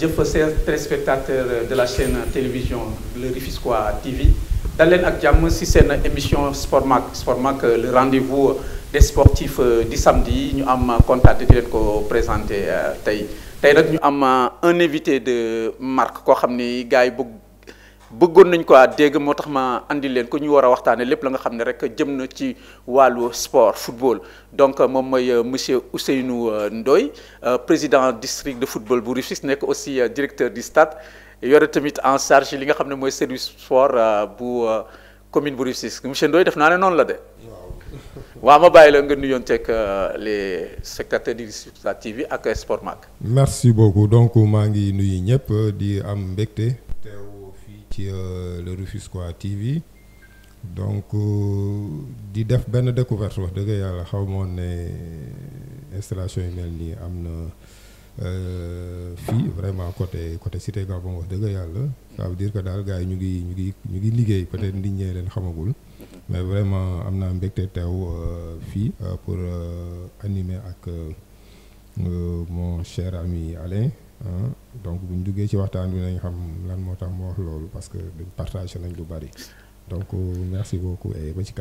Je fais chers spectateur euh, de la chaîne télévision le Rifisqua TV Dans ak c'est si émission Sport euh, le rendez-vous euh, des sportifs du samedi nous am contact di leen ko présenté tay tay un invité de marque ko xamni bëggoon nañ ko dégg moo tax ma andi leen ko ñu war a waxtaane lépp la nga xam ne rek jëm na ci wàllu sport football donc euh, moom mooy euh, monsieur Ousseynou euh, Ndoy président district de football bu Rufisque nekk aussi directeur du stade yore tamit en charge li nga xam ne mooy service sport bu commune bu Rufisque monsieur Ndoy def naa ne noonu la de waaw ma bàyyi la nga nuyoon teg les spectateurs du Rufisque TV ak Sport Mag merci beaucoup donc maa ngi nuyu ñëpp di am mbégte ci euh, le quoi TV donc euh, di def ben découverte wax dëgg yalla xaw installation yi mel nii am na euh, vraiment côté côté Cité Gabon wax dëgg yàlla ça veut dire que dal gars yi ñu ngi ñu ngi ñu ngi liggéey peut-être nit ñee leen xamagul mais vraiment amna naa taw teew fii pour animer ak mon cher ami Alain donc parce que nañ donc merci beaucoup et ci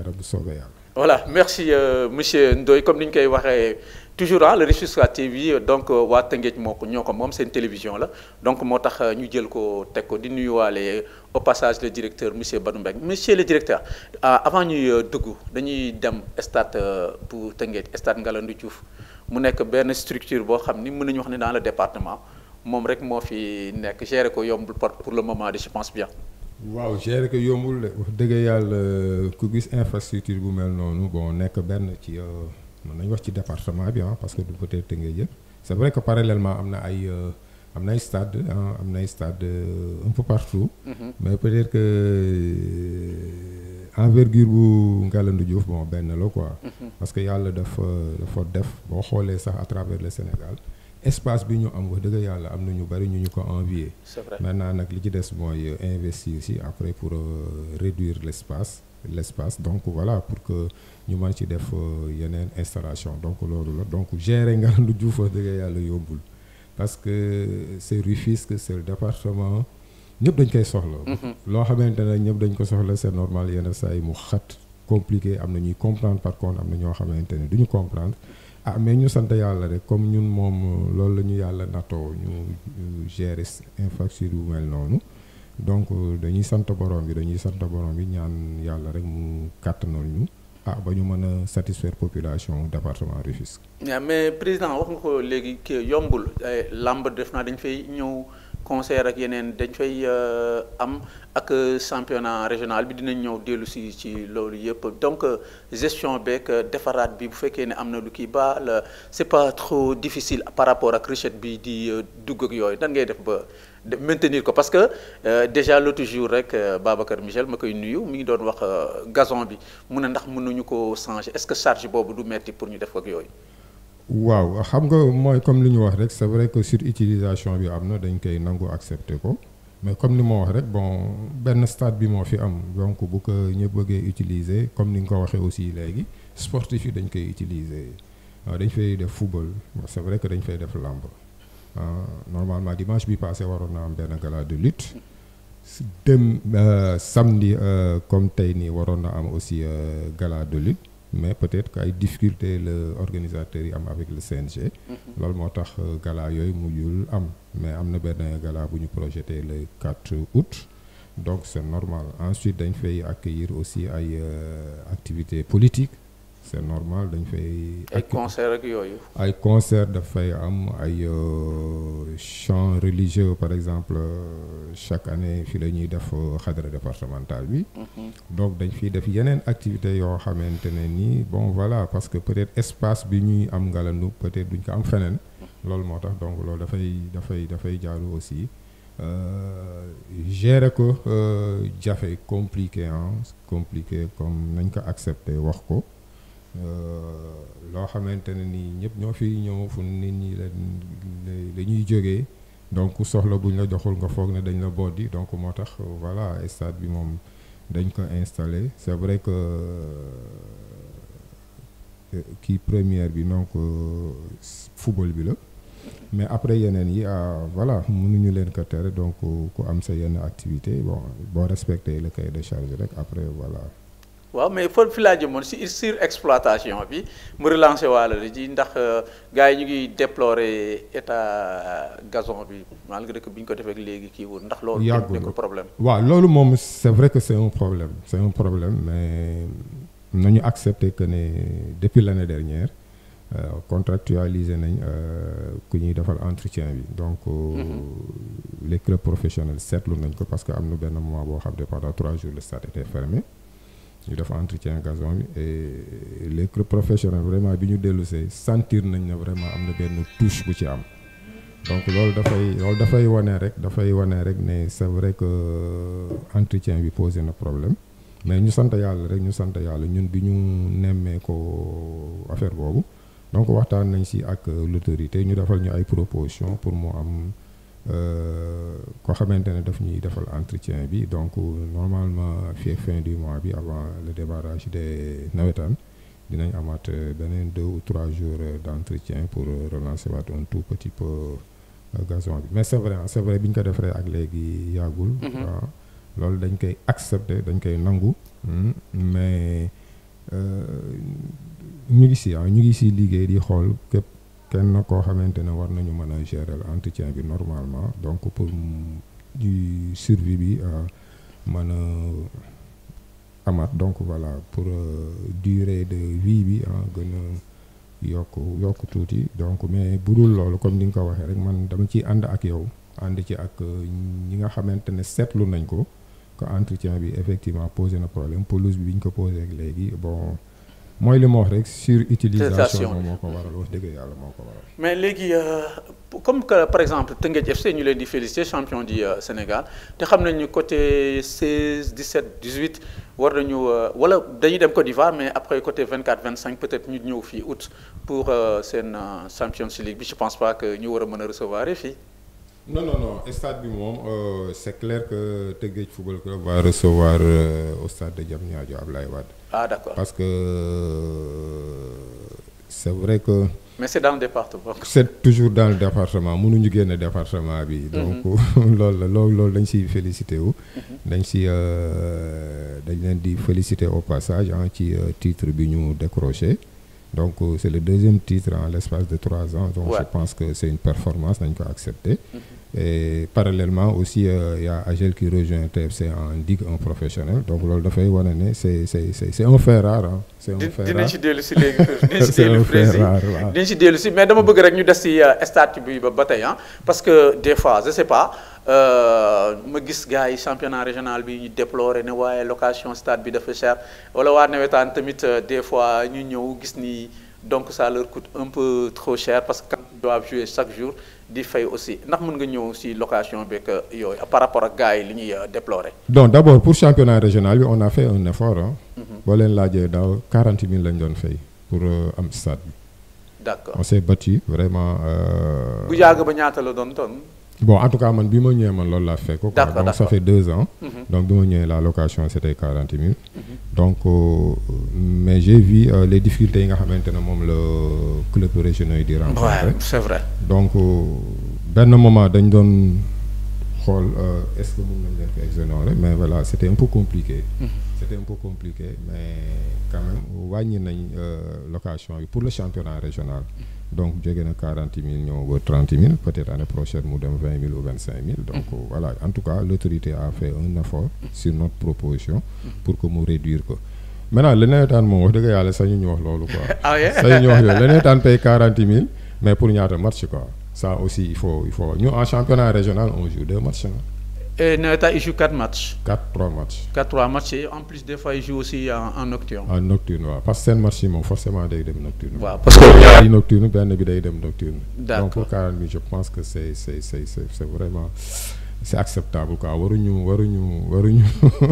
voilà merci euh, monsieur Ndoye comme niñ koy toujours hein, le TV donc wa une moko télévision donc euh, ñu au passage le directeur monsieur Badou monsieur le directeur ah, avant ñuy euh, dugg dañuy dem stade mu structure bo xamni wax dans le département moom rek moo fi nek gérer ko yombul pour le moment je pense bien. waaw gérer que yombul de wax dëgg ku gis infrastructure bu mel nonou bon nek ben ci euh, man nañ wax ci département bi ah, parce que du côté Tëngéej c' C'est vrai que parallèlement amna ay. amna ay stade am na ay euh, stade ah, euh, un peu partout. Mhm. mais peut-être que envergure bu Ngalandou Diouf bon ben la quoi. Mhm. parce que yalla dafa daf def boo xoolee sax à travers le Sénégal espace bi ñu am wax dëgg yàlla am na ñu bari ñu ñu ko envier. maintenant nag li ci des mooy euh, investir si après pour euh, réduire l'espace l'espace donc voilà pour que ñu mën ci def euh, yeneen installation donc loolu la donc gérer nga lu juuf wax dëgg yàlla yombul parce que c'est Rufisque c'est le département ñëpp dañ koy soxla. Mm-hmm. loo xamante ne ñëpp dañ ko soxla c'est normal yenn saa yi mu xat compliqué am na ñuy comprendre par contre am na ñoo xamante ne duñu comprendre. ah mais ñu sant yàlla rek comme ñun moom loolu la ñu yàlla nato ñu gérer infrastructure bu mel noonu donc dañuy sant borom bi dañuy sant borom bi ñaan yàlla rek mu kàttanal ñu ah ba ñu mën a satisfaire population département Rufisque. mais président wax nga ko léegi kii yombul eh, làmb def naa dañ fay ñëw. concert ak yenen dañ fay euh, am ak championnat régional bi dinañ ñëw dellu si ci loolu yëpp donc euh, gestion beeg euh, defaraat bi bu fekké né amna lu ki ba le c'est pas trop difficile par rapport ak richette bi di dugg ak yoy dan ngay def ba maintenir ko parce que déjà l'autre jour rek Babacar Michel ma koy nuyu mi ngi doon wax gazon bi mu ne ndax mënuñu ko changer est-ce que charge bobu du metti pour ñu def ak yoy waaw xam nga mooy comme li ñu wax rek c'est vrai que surutilisation bi am na dañ koy nangu accepter ko mais comme ni ma wax rek bon benn stade bi moo fi am donc bu ko ñëpp bëggee utiliser comme ni nga ko waxee aussi léegi sportif yi dañ koy utiliser ah, dañ fay def football c'est vrai que dañ fay def lamb ah, normalement dimanche bi passé waroon na am benn gala de lutte dem euh, samedi euh, comme tey nii waroon na am aussi euh, gala de lutte mais peut-être y a a des difficultés avec le CNG. Mhm. loolu moo euh, gala yooyu mais am na gala projeté le 4 août. donc c'est normal ensuite il fay accueillir aussi des euh, activités politiques c'est normal dañ fay. ay concert ak yooyu. ay concert fay am ay euh, chants religieux par exemple euh, chaque année fi la ñuy def euh, xadra départemental bi. Mhm. donc dañ fiy def yeneen activités yoo xamante ne bon voilà parce que peut-être espace bi ñuy am Ngalandou peut-être duñ ko am feneen. loolu moo tax donc loolu dafay dafay dafay jaalu aussi. gérer ko jafe compliqué ah compliqué comme nañ ko accepter wax ko. Euh, loo xamante ne ni ñëpp ñoo fi ñëw fu nit ñi leen la ñuy jógee donc soxla buñ la joxul nga foog ne dañ la boddi donc moo tax voilà stade bi moom dañ ko installé c'est vrai que euh, euh, kii première bi donc football bi la mais après yeneen yi ah, voilà mënuñu leen ko tere donc ku am sa yenn activité bon boo respecté le cahier de charge rek après voilà waaw mais foofu fi laa jëmoon si sur exploitation bi mu relancé waala la ji ndax euh, gars yi ñu ngi déplorer état euh, gazon bi malgré que bi ñu ko defee léegi kii wul ndax loolu nekk problème waaw loolu moom c'est vrai que c'est un problème c'est un problème mais nañu accepter que ne depuis l'année dernière Euh, contractualisé nañ euh, ku ñuy defal entretien bi donc mhm. les clubs professionnels seetlu nañ ko parce que am na benn moment boo xam ne pendant trois jours le stade était fermé ñu def entretien gazon bi et les clubs professionnels vraiment bi ñu dellusee sentir nañ ne vraiment am na benn touche bu ci am donc loolu dafay loolu dafay wane rek dafay wane rek ne c'est vrai que euh, entretien bi posé na problème mais ñu sant yàlla rek ñu sant yàlla ñun bi ñu nemmee ko affaire boobu donc waxtaan nañ si ak euh, l'autorité ñu defal ñu ay propositions pour mu am euh, daf entretien donc normalement fin du mois avant le débarrage des dinañ euh, deux ou trois jours euh, d'entretien pour relancer un tout petit peu gazon bi mais c'est vrai hein, c' vrai ko ak mais ñu ngi si ah, ñu ngi kenn koo xamante ne war nañu mën a gérer entretien bi normalement donc pour du survie bi euh, mën a amaat donc voilà pour euh, durée de vie bi ah, gën a yokk yokk tuuti donc mais bu dul loolu comme ni nga ko waxee rek man dama ciy ànd ak yow ànd ci ak euh, ñi nga xamante ne seetlu nañ ko que entretien bi effectivement posé na problème pelouse bi bi ñu ko posé ak léegi bon. moy li ma wax rek surutilisation sur ko waral wax mais Légui, euh, comme que par exemple Teungueth FC ñu leen di féliciter champion du euh, Sénégal te xam nañu côté 16 17 18 war nañu euh, wala dañuy dem Côte d'Ivoire mais après côté 24 25 peut-être ñu ñëw fi août pour champion Champions League bi je pense pas que ñu wara recevoir Réfi. non non non stade c'est clair que Teungueth Football Club va recevoir au stade de Diamniadio Abdoulaye ah, d'accord. Parce que c'est vrai que. Mais c'est dans le département. C'est toujours dans le département. Nous le département. Mhm. Donc, nous sommes félicités. Nous félicités au passage qui hein, euh, titre nous décroché. Donc, euh, c'est le deuxième titre en l'espace de trois ans. Donc, je pense que c'est une performance, nous avons accepté. Mhm et parallèlement aussi euh, il y a Agel qui rejoint TFC en digue un professionnel donc lol da fay wone c'est c'est c'est c'est un fait rare hein. c'est un fait rare c'est si dellu si léegi dinañ mais dama bëgg rek ñu des ci euh, statut bi ba tay hein parce que des fois je sais pas euh, ma gis gars championnat régional bi ñu et né waaye location stade bi dafa cher wala waa nawetaan tamit des fois ñu ñëw gis ni donc ça leur coûte un peu trop cher parce qu'ils doivent jouer chaque jour di fay aussi ndax mën nga ñëw si location beeg euh, euh, par rapport à gars pour li euh, déplorer. donc d'abord pour championnat régional on a fait un effort On a fait 40 000 quarante pour am stade on s'est battu vraiment. bu avez ba la Bon, en tout cas, man, bima suis man la fait Donc ça fait deux ans. Mm -hmm. Donc bima la location c'était 40 000. Mhm. Donc euh, mais j'ai vu euh, les difficultés que mom le club régional di rencontrer. Ouais, c'est vrai. Donc euh, ben moment dañ je xol euh, est-ce que mais voilà, c'était un peu compliqué. Mhm. C'était un peu compliqué mais quand même wañi nañ une euh, location pour le championnat régional. Mhm donc j'ai gagné 40 000 ou 30 000 peut-être l'année prochaine nous donne 20 000 ou 25 000 donc mhm. voilà en tout cas l'autorité a fait un effort sur notre proposition pour que nous réduire maintenant le netan mon wax deug de sañu 40 000 ah mais pour ñaata un quoi ça aussi il faut nous en championnat régional on joue deux matchs hein. Et Noeta, il joue 4 matchs. 4-3 matchs. 4-3 matchs. Et en plus, des fois, il joue aussi en, nocturne. En nocturne, oui. Parce que c'est un match, forcément, en est nocturne. Ouais, parce que. Il nocturne, bien il est nocturne. D'accord. Donc, pour 40 je pense que c'est vraiment c'est acceptable quoi waruñu waruñu waruñu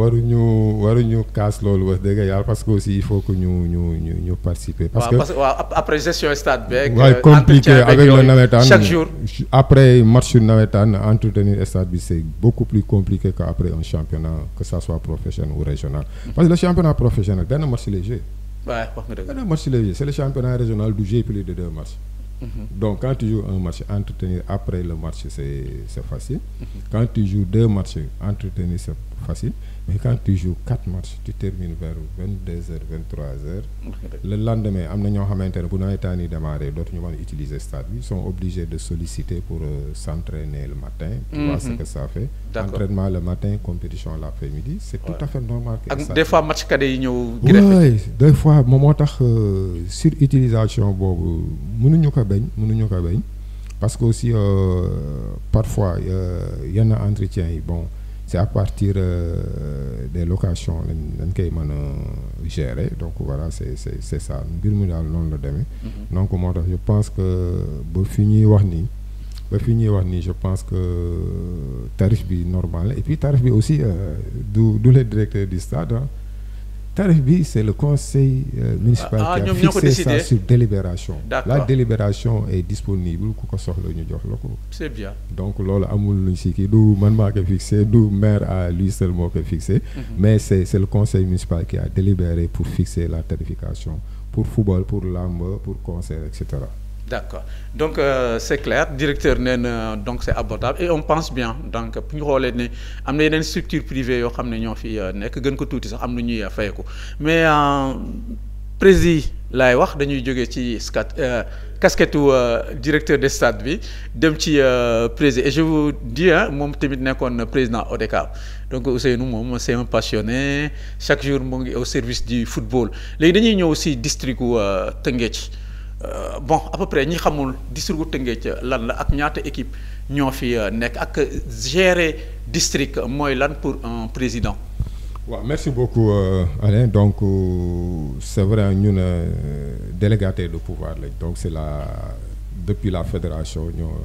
waruñu waruñu casse lolou wax parce que aussi il faut que ñu ñu ñu ñu participer. parce que après gestion stade euh, beeg. avec le chaque jour. après match entretenir entretenir stade bi c'est beaucoup plus compliqué qu'après un championnat que ça soit professionnel ou régional. Hmm. parce que le championnat professionnel c'est match marché. ouais c'est le championnat régional du joué plus de deux matchs. Mhm. Donc, quand tu joues un match, entretenu, après le match, c'est facile. Quand tu joues deux matchs, entretenus, c'est facile. Mais quand tu joues 4 matchs, tu termines vers 22h, 23h. Le lendemain, pour démarrer, d'autres vont utiliser stade. Ils sont obligés de solliciter pour euh, s'entraîner le matin. Tu vois ce mhm. que ça fait. Entraînement le matin, compétition l'après-midi. C'est tout à fait normal. Que des fois, match ñeu ils Oui, des fois, moment euh, sur utilisation, bon, nous Parce que aussi, euh, parfois, il euh, y en a entretien, bon c'est à partir euh, des locations lañ lañ gérer donc voilà c'est c'est ça mbir mi le noonu la demee mhm. donc moo je pense que ba fi wax ni ba wax ni je pense que tarif bi normal et puis tarif bi aussi euh, du du les directeurs du stade hein tarif c'est le conseil euh, municipal ah, qui a fixé ça sur délibération la délibération est disponible c'est bien donc loolu amul luñ si man fixé d'où maire a lui seulement qui fixé mhm. mais c'est c'est le conseil municipal qui a délibéré pour fixer la tarification pour football pour lamb pour concert etc. D'accord. Donc, euh, c'est clair. Directeur, donc c'est abordable. Et on pense bien. Donc, pour nous, il y a une structure privée qui est fait. Mais, le euh, président, laay wax dañuy jógee ci scat euh, casquette directeur il Stade bi dem ci président et je vous dis ah moom tamit nekkoon président l'ODK. donc nous, moom c'est un passionné chaque jour mu ngi au service du football Nous dañuy aussi le district u euh, bon à peu près ñi xamul district Tëngéej ci lan la ak ñaata équipe qui fi euh, nekk ak gérer district moy lan pour un président. merci beaucoup euh, Alain donc c'est vrai ñun délégué de pouvoir donc c'est la depuis la fédération ñoo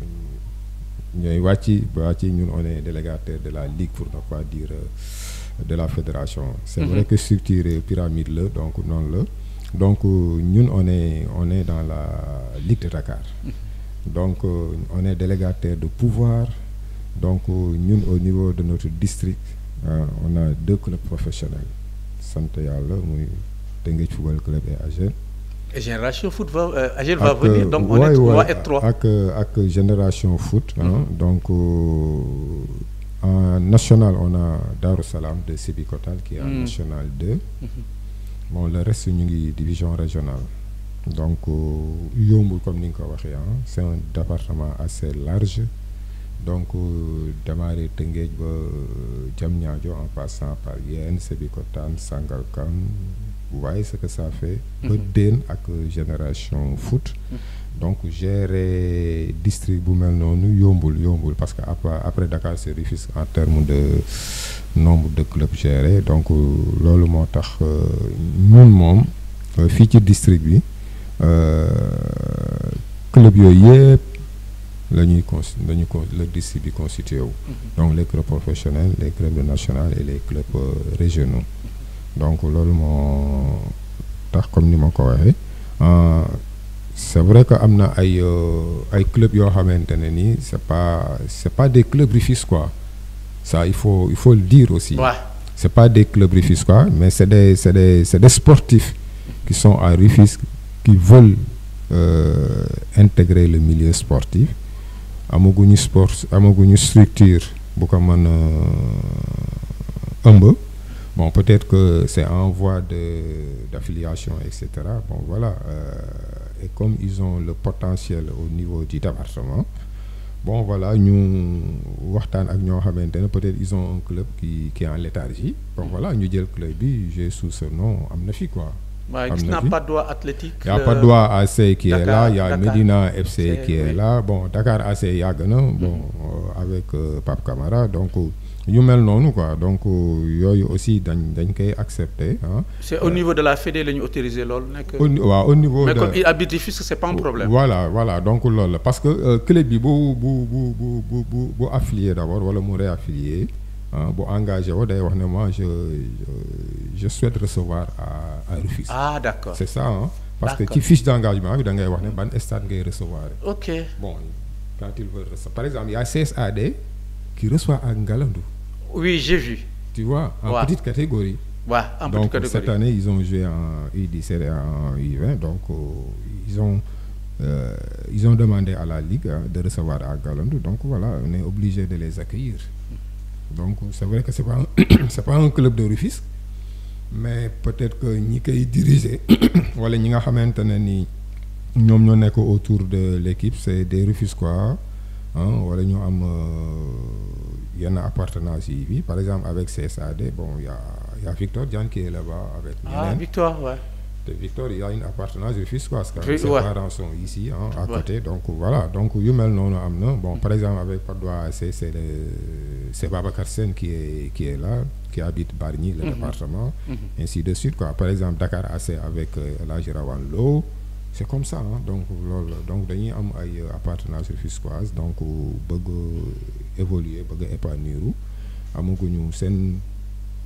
ñoy wàcc ñun on est délégué de la ligue pour ne pas dire de la fédération. c'est mm-hmm. vrai que structure pyramide la donc non le donc, euh, nous, on est, on est dans la Ligue de Dakar. Donc, euh, on est délégataire de pouvoir. Donc, euh, nous, au niveau de notre district, on a deux clubs professionnels. Santé Yalla, Tengue Football Club et Et Génération Foot va, va venir, donc on est trois et trois. Avec, avec Génération Foot, hein. mm-hmm. donc en national, on a Darussalam de Sibi Kotal qui est en mm. national 2 bon le reste nous une division régionale donc euh, comme hein. c'est un département assez large donc euh, Damaré, Tëngéej ba euh, en passant par Yen sebikotan Sangalkan, vous voyez ce que ça fait mm-hmm. ba DEN, ak génération foot mm-hmm donc gérer district bu mel nous yombul yombul parce que après Dakar c'est difficile en termes de nombre de clubs gérés donc euh, lolu motax le euh, ñun mom euh, fi ci district bi club yoyep lañuy le district constitué mhm. donc les clubs professionnels les clubs nationaux et les clubs régionaux mhm. donc lolu moo tax comme ni mako waxé c'est vrai que amna ay euh, ay club yo ne c'est pas c'est pas des clubs rufisquois ça il faut il faut le dire aussi. Ouais. c'est pas des clubs rufisquois mais c'est des c'est des sportifs qui sont à rifis qui veulent euh, intégrer le milieu sportif amaguñu sport amaguñu structure bu ko un peu... bon peut-être que c'est en voie de d'affiliation etc. bon voilà. Euh, et comme ils ont le potentiel au niveau du département bon voilà nous waxtaan ak ñoo peut-être ils ont un club qui qui est en léthargie Bon voilà nous ñu le club j'ai sous ce nom Amnafi quoi. il n'y a pas droit athlétique. Il n'y a pas de droit AC qui est là, il y a Medina FC, qui est là. Bon, Dakar AC il y a -hmm. avec euh, Pape Camara. Donc, yu mel noonu quoi donc euh, yooyu aussi dañ dañ koy accepter ah. c'est au niveau de la Fédé la ñu autorisé loolu nekk. au niveau mais de comme il habite ce c'est pas un problème. voilà voilà donc loolu la parce que euh, club bi bu bu bu bu bu affilié d'abord wala mu réaffilié ah bu engagé day wax ne moi je je souhaite recevoir à à Rufisque. ah d'accord c'est ça hein. parce que ci fiche d'engagement bi da ngay wax ne ban stade ngay recevoir. ok bon quand il veut recevoir par exemple il y a CSAD qui reçoit à Ngalandou. Oui, j'ai vu. Tu vois, en petite catégorie. Ouais, en petite catégorie. Cette année, ils ont joué en U17 en U20, donc euh, ils ont. Euh, ils ont demandé à la Ligue hein, de recevoir à Galandou, donc voilà, on est obligé de les accueillir. Donc c'est vrai que ce n'est pas, pas, un club de rufus. mais peut-être que ni qui diriger wala ñi ni autour de l'équipe c'est des quoi. Il y a un appartenance ici, par exemple avec CSAD bon y' a y' a Victor Diane qui est là-bas avec. ah Victor ouais. Victor il y a une appartenance rufisquoise. oui ses parents sont ici hein, à côté donc voilà donc Yumel non non bon mm. par exemple avec Patte c'est c'est c'est Babacar qui est qui est là qui habite Bargny le mm-hmm. département. Mm-hmm. ainsi de suite quoi par exemple Dakar AC avec euh, El c'est comme ça hein? donc loolu donc dañuy am ay euh, appartenance évolué donc euh, bëgg évoluer bëgg épanouir amaguñu sen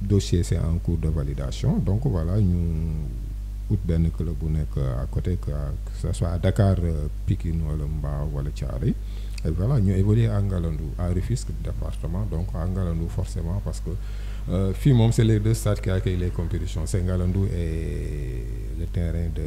dossier c'est en cours de validation donc voilà ñu ut que club bu nek à côté que ça soit à Dakar euh, Pikine wala ou wala Thiari et voilà ñu évoluer à Ngalandou à Rufisque département donc à Ngalandou forcément parce que euh, FIMOM, c'est les deux stades qui accueillent les compétitions, C'est Saint-Galandou et le terrain de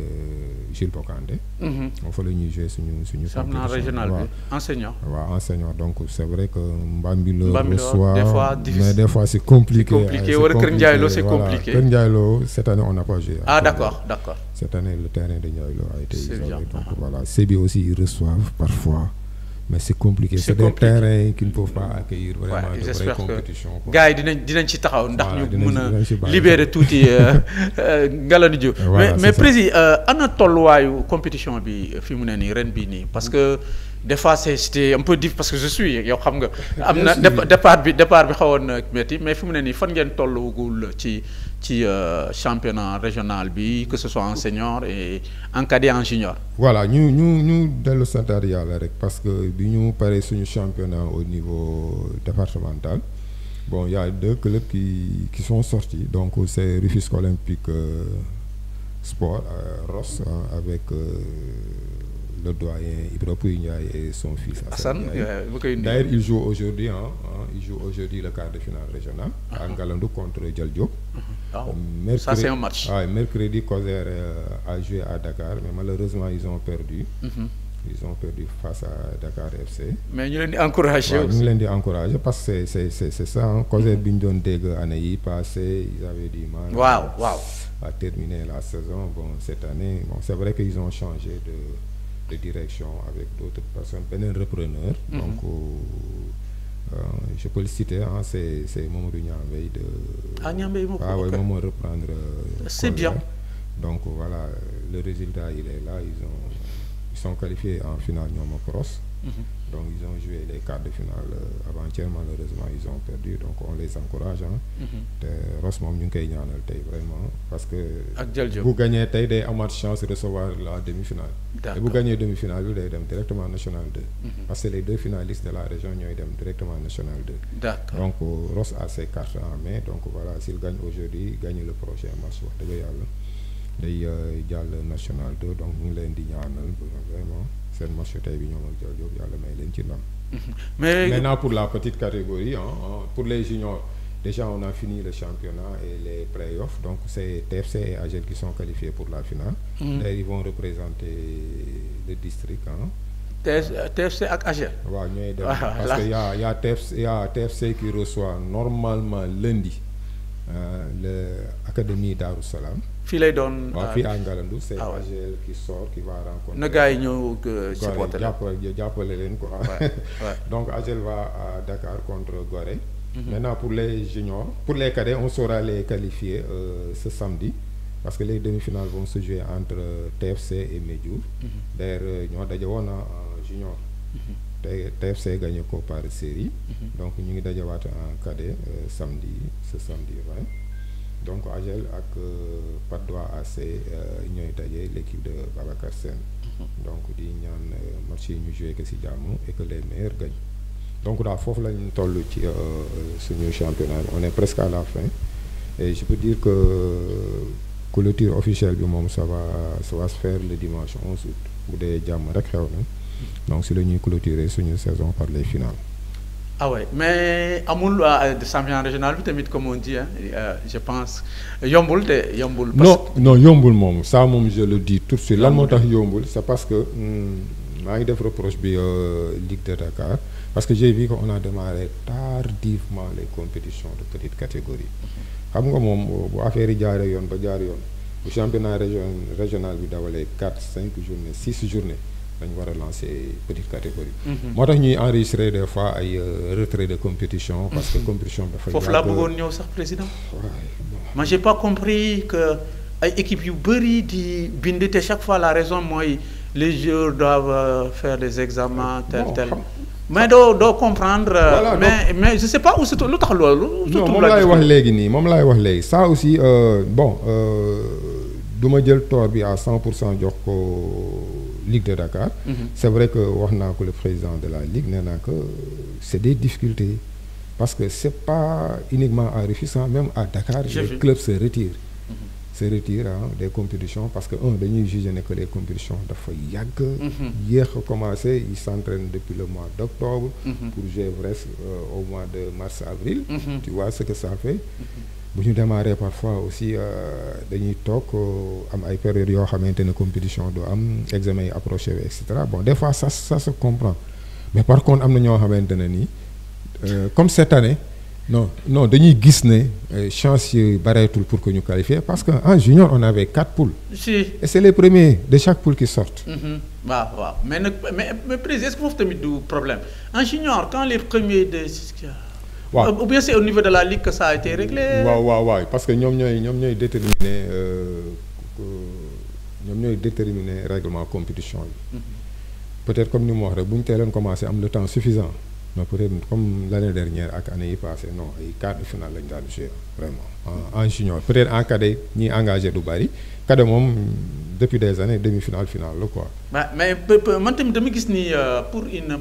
Gilles Bocandé. On fait le jouer sur nous. Sur un régional, enseignant. enseignant. Donc, c'est vrai que Mbambi le reçoit, mais des fois, c'est compliqué. C'est compliqué. c'est compliqué. cette année, on n'a pas joué. Ah, d'accord, d'accord. Cette année, le terrain de Ndiailo a été isolé. Donc, voilà. CB aussi, ils reçoivent parfois mais c'est compliqué c'est des terrains qui ne peuvent pas accueillir vraiment ouais, de vraies compétitions gars yi dinañ dinañ ci taxaw ndax ñu mën libérer tout tuuti euh, euh, Ngalandou Diouf mais mais président euh, ana wayu compétition bi fi mu né ni ren bi ni parce que des fois c'était un peu difficile parce que je suis yow xam nga. am na départ bi départ bi xawone metti mais fi mu ne nii fan ngeen tollugul ci ci euh, championnat régional bi que ce soit en senior et en cadet en junior. voilà nous, ñu ñu dellu santaat rek parce que bi ñu paré suñu championnat au niveau départemental bon y a deux clubs qui qui sont sortis donc c'est Rufisque Olympique euh, Sport euh, Ross hein, avec le doyen Ibra Ndiaye et son fils Hassan. D'ailleurs, il joue aujourd'hui hein, hein, il joue aujourd'hui le quart de finale régional uh contre Djaldjo. Mm-hmm. Ah. ça, c'est un match. Ah, mercredi, Kozer euh, a joué à Dakar, mais malheureusement, ils ont perdu. Mm-hmm. Ils ont perdu face à Dakar FC. Mais nous l'avons encouragé ouais, Nous l'avons encouragé parce que c'est ça. Hein. Kozer Bindon Deg, année passée, ils avaient dit mal. Waouh, waouh! À terminer la saison. Bon, cette année, bon, c'est vrai qu'ils ont changé de de direction avec d'autres personnes un repreneur mhm. donc euh, euh, je peux le citer hein, c'est c'est Mamadou de ah oui ah moment reprendre euh, c'est bien donc voilà le résultat il est là ils ont ils sont qualifiés en finale ñoom Cross donc ils ont joué les quarts de finale euh, avant-hier malheureusement ils ont perdu donc on les encourage hein. mhm. Ross ñu il y ñaanal vraiment parce que. vous gagnez Tay, match de de de recevoir la demi-finale. vous gagnez la demi-finale vous day directement national 2. Mhm. parce que les deux finalistes de la région ils dem directement national 2. d'accord donc euh, Ross a ses cartes en main donc voilà s'il gagne aujourd'hui gagne le prochain match il y a le national 2 donc nous est vraiment. mais maintenant pour la petite catégorie hein, hein, pour les juniors déjà on a fini le championnat et les playoffs donc c'est TFC et AGEL qui sont qualifiés pour la finale. Mm-hmm. ils vont représenter le district TFC et AGEL. parce qu'il y a TFC qui reçoit normalement lundi l'académie euh, le euh, c'est AGL ah qui sort qui va rencontrer. na euh, supporter donc AGL va à Dakar contre Gorée. Mhm. Maintenant, pour les juniors, pour les cadets, on saura les qualifier euh, ce samedi. Parce que les demi-finales vont se jouer entre TFC et Medjour. Mhm. D'ailleurs, nous avons un junior. Mhm. TFC gagné TFC par série. Donc, nous avons un cadet samedi, ce samedi 20 donc Agel ak euh, Patte d'Oie AC l'équipe euh, l'équipe de Babacar Sen. Mm-hmm. donc di ñaan euh, match ñu jouer avec si et que les meilleurs gagnent donc daal fofu lañ tollu ci nouveau championnat on est presque à la fin et je peux dire que clôture officielle bi du ça va ça va se faire le dimanche 11 août bu dee jàmm rek xew na mm-hmm. donc si lañuy clôturer suñu saison par les finales ah ouais mais euh, euh, de champion régional vous comme on dit hein euh, je pense Yomboul, te yombul. non non Yomboul, mon. ça je le dis tout de suite L'amontage Yomboul, c'est parce que je hmm, ngi def reproche bi Ligue de Dakar parce que j'ai vu qu'on a démarré tardivement les compétitions de petite catégorie Il nga a affaire yi ba championnat régional bi avez 4, 5, journées 6 journées dañu war a lancer petite catégorie. Mhm. moo tax ñuy enregistrer des fois ay euh, retrait de compétition. Mhm. parce que compétition dafa. foofu laa bëggoon ñëw sax président. man j'ai pas compris que ay équipes yu bëri di bind te chaque fois la raison mooy les joueurs doivent euh, faire des examens tel tel. mais doo doo comprendre. Euh, mais mais je sais pas où surtout lu tax loolu. non moom laay wax léegi nii moom laay wax léegi ça aussi euh, bon du ma jël tort bi à 100 pour jox ko. Ligue de Dakar. Mhm. c'est vrai que le président de la Ligue n'est que c'est des difficultés parce que c'est pas uniquement à Rufisque hein, même à Dakar. les clubs se retirent. Mhm. se retirent hein, des compétitions parce que un dañuy juger que les compétitions dafa s'entraîne mhm. a ils s'entraînent depuis le mois d'octobre. pour jouer euh, au mois de mars avril. tu vois ce que ça fait nous avons démarré parfois aussi euh, dañuy toog euh, am ay période yoo xamante compétition do am examen yi approché et cetera bon des fois ça ça se comprend mais par contre am na ñoo xamante ne euh, comme cette année non non dañuy gis ne chance yi bareetul pour que ñu qualifier parce que en junior on avait quatre poules. si et c'est les premiers de chaque poule qui sortent. Mm-hmm. mais mais mais président est-ce que foofu tamit du problème en junior quand les premiers de ou bien c'est au niveau de la ligue que ça a été réglé. Oui, waaw waaw parce que ñoom ñooy ñoom ñooy déterminer euh, euh, ñoom ñooy déterminé règlement compétition mhm. peut-être comme nous mu wax rek bu commencé am le temps suffisant mais peut-être comme l'année dernière ak année yi passé non ay quart de finale daan vraiment en junior peut-être en cadet ñi engagé du bari de depuis des années demi-finale finale quoi. Bah, mais maintenant demi ni euh, pour une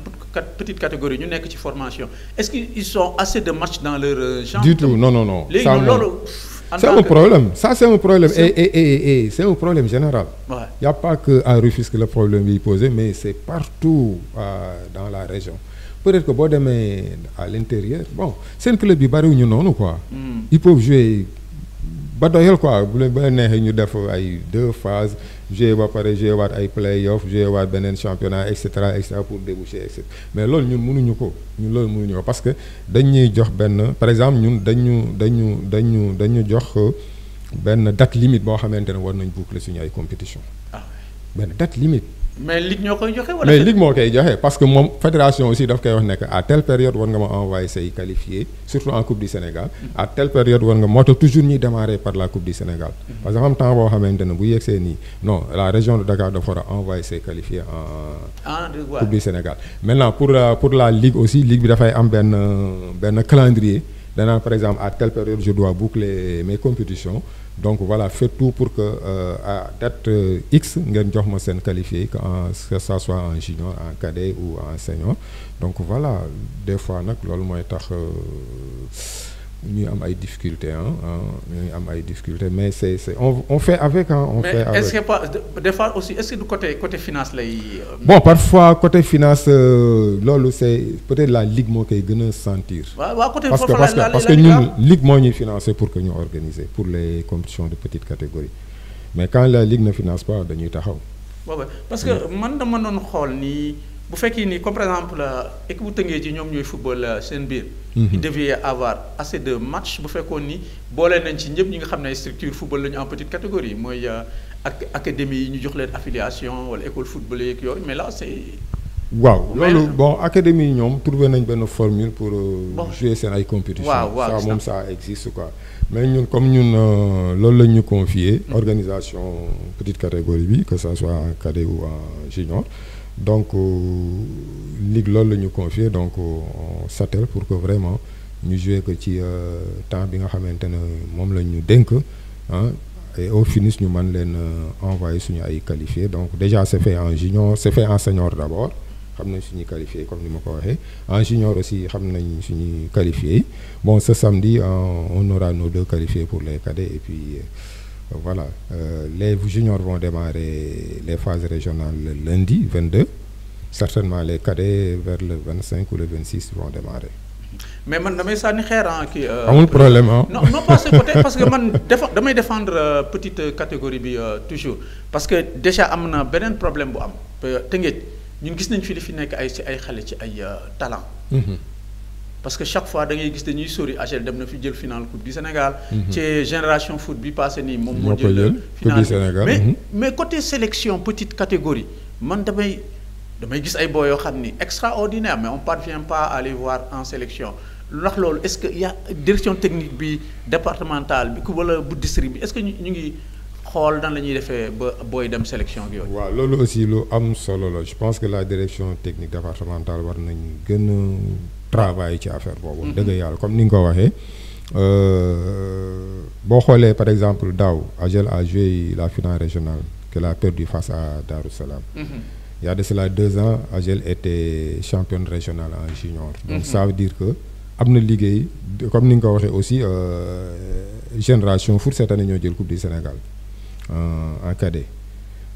petite catégorie ñu nek formation est-ce qu'ils sont assez de matchs dans leur euh, genre. du tout non non non. c'est un problème ça c'est un problème et et et c'est un problème général. il n'y y a pas que à que le problème est posé mais c'est partout euh, dans la région peut-être que boo demee à l'intérieur bon un club yi non ou quoi. Hmm. ils peuvent jouer ba doyal quoi bu leen ba leen neexee ñu def ay deux phases jouer ba pare jouer waat ay play-off jouer waat beneen championnat et cetera et cetera pour déboucher et cetera mais loolu ñun mënuñu ko ñun loolu mënuñu ko parce que dañuy jox benn par exemple ñun dañu dañu dañu dañu jox benn date limite boo xamante ne war nañ boucler suñu ay compétition ah benn date limite mais ligue ñoo koy wala. mais ligue moo koy parce que moom fédération aussi daf koy wax à telle période war nga ma envoyé say qualifier surtout en coupe du Sénégal. Mm-hmm. à telle période war nga moo toujours ni démarrer par la coupe du Sénégal. Mm-hmm. parce que temps boo xamante ne bu yegsee non la région de Dakar dafa war a envoyé qualifier en. Ah, coupe du Sénégal. maintenant pour la pour la ligue aussi ligue bi dafay am calendrier danaan par exemple à telle période je dois boucler mes compétitions donc voilà fait tout pour que euh, à date euh, X ngeen jox ma qualifié que ce soit en junior en cadet ou en senior donc voilà des fois nag loolu est tax. Euh, ñuy am ay difficulté hein, hein ñuy am ay difficulté mais c'est c'est on on fait avec hein on mais fait avec mais est-ce que pas des fois aussi est-ce que du côté côté finance lay. Euh, bon parfois côté finance euh, loolu c'est peut-être la ligue moo koy gën sentir. waaw waaw côté parce que parce que parce que ñun ligue moo ñuy financer pour que ñu organiser pour les compétitions de petite catégorie mais quand la ligue ne finance pas dañuy taxaw. parce que mm. man dama doon xool ni bu fekkee ni comme par exemple euh, équipe vous football euh, seen biir. Mhm. il avoir assez de matchs. bu que ni boole avoir ci structure ñi nga structure football en petite catégorie Moi, il euh, académie l'académie, ñu jox leen affiliation école football mais là c'est... Waouh bon académie nous avons trouvé une formule pour. jouer à la compétition Wow, wow, ça moom ça existe quoi. mais nous, comme nous, loolu la confié. Mm. organisation petite catégorie que ce soit en cadet ou en junior donc euh, ligue loolu confier donc euh, on s'attelle pour que vraiment nous jouer que ci euh, temps bi nga maintenant ne nous la hein et au finish ñu mën leen envoyé suñu ay donc déjà c'est fait en junior c'est fait en senior d'abord Nous nañ qualifié comme nous le ko en junior aussi nous nañ qualifié bon ce samedi on aura nos deux qualifiés pour les cadets et puis voilà. Euh, les juniors vont démarrer les phases régionales le lundi 22. Certainement, les cadets vers le 25 ou le 26 vont démarrer. mais man damay n'est hein, euh, hein. pas... ah un problème je non parce que parce que défendre euh, petite catégorie toujours parce que déjà y a un problème bu am te Tëngéej ñun talent parce que chaque fois da ngay gis dañuy sori HL dem na fi jël final coupe du Sénégal. Mhm. ci génération foot bi passé ni moom. mo jël coupe du Sénégal mhm. mais côté sélection petite catégorie man damay damay gis ay boy yo extraordinaire mais on parvient pas à les voir en sélection. est-ce qu'il y a direction technique bi départementale bi ku wala bu district est-ce que ñu xool nan la ñuy defee ba booy dem sélection bi yooyu. waaw loolu aussi lu am solo la je pense que la direction technique départementale war nañ gën a travail ci affaire boobu. Mm-hmm. dëgg yàlla comme ni nga ko waxee euh, boo xoolee par exemple daaw Agel a joué la finale régionale qu'elle a perdu face à Darussalam. Salam. Mm-hmm. Il y a de cela deux ans Agel était championne régionale en junior. donc mm-hmm. ça veut dire que am na liggéey comme ni nga ko waxee aussi euh, génération foot cette année ñoo jël coupe du Sénégal en, cadet.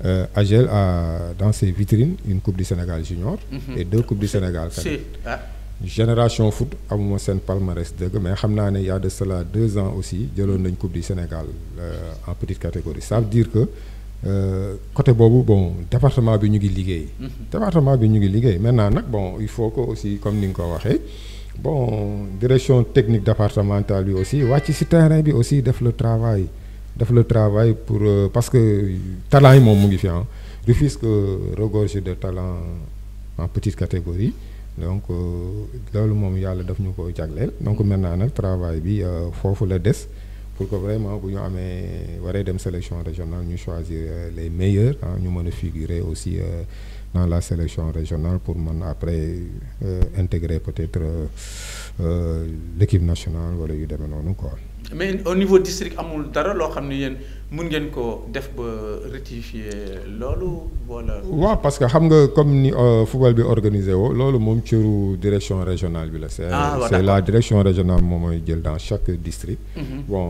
Euh, Agel a dans ses vitrines une Coupe du Sénégal junior mhm. et deux Coupes du Sénégal cadet. Ah. Génération foot amuma Sen palmarès mais xam y a de cela deux ans aussi il a une Coupe du Sénégal euh, en petite catégorie ça veut dire que euh, côté Bobu bon département bi ñu ngi mhm. département bi ñu ngi maintenant bon il faut que aussi comme nous le bon direction technique départementale lui aussi il ci terrain bi aussi def le travail def le travail pour euh, parce que talent mom moom ngi fi hein. regorge de talent en petite catégorie donc euh, monde mom yalla daf ñu ko jagleel donc mm-hmm. maintenant le travail bi euh, fofu le dess pour que vraiment bu ñu amé waré dem sélection régionale ñu choisir les meilleurs nous hein, ñu figurer aussi dans la sélection régionale pour mon après intégrer peut-être l'équipe nationale wala yu quoi mais au niveau district il dara que vous ne qui ngeen ko rectifier loolu wala. parce que nga comme le euh, football est organisé woo loolu direction régionale bi la. c'est ah, la direction régionale qui dans chaque district. Mhm. bon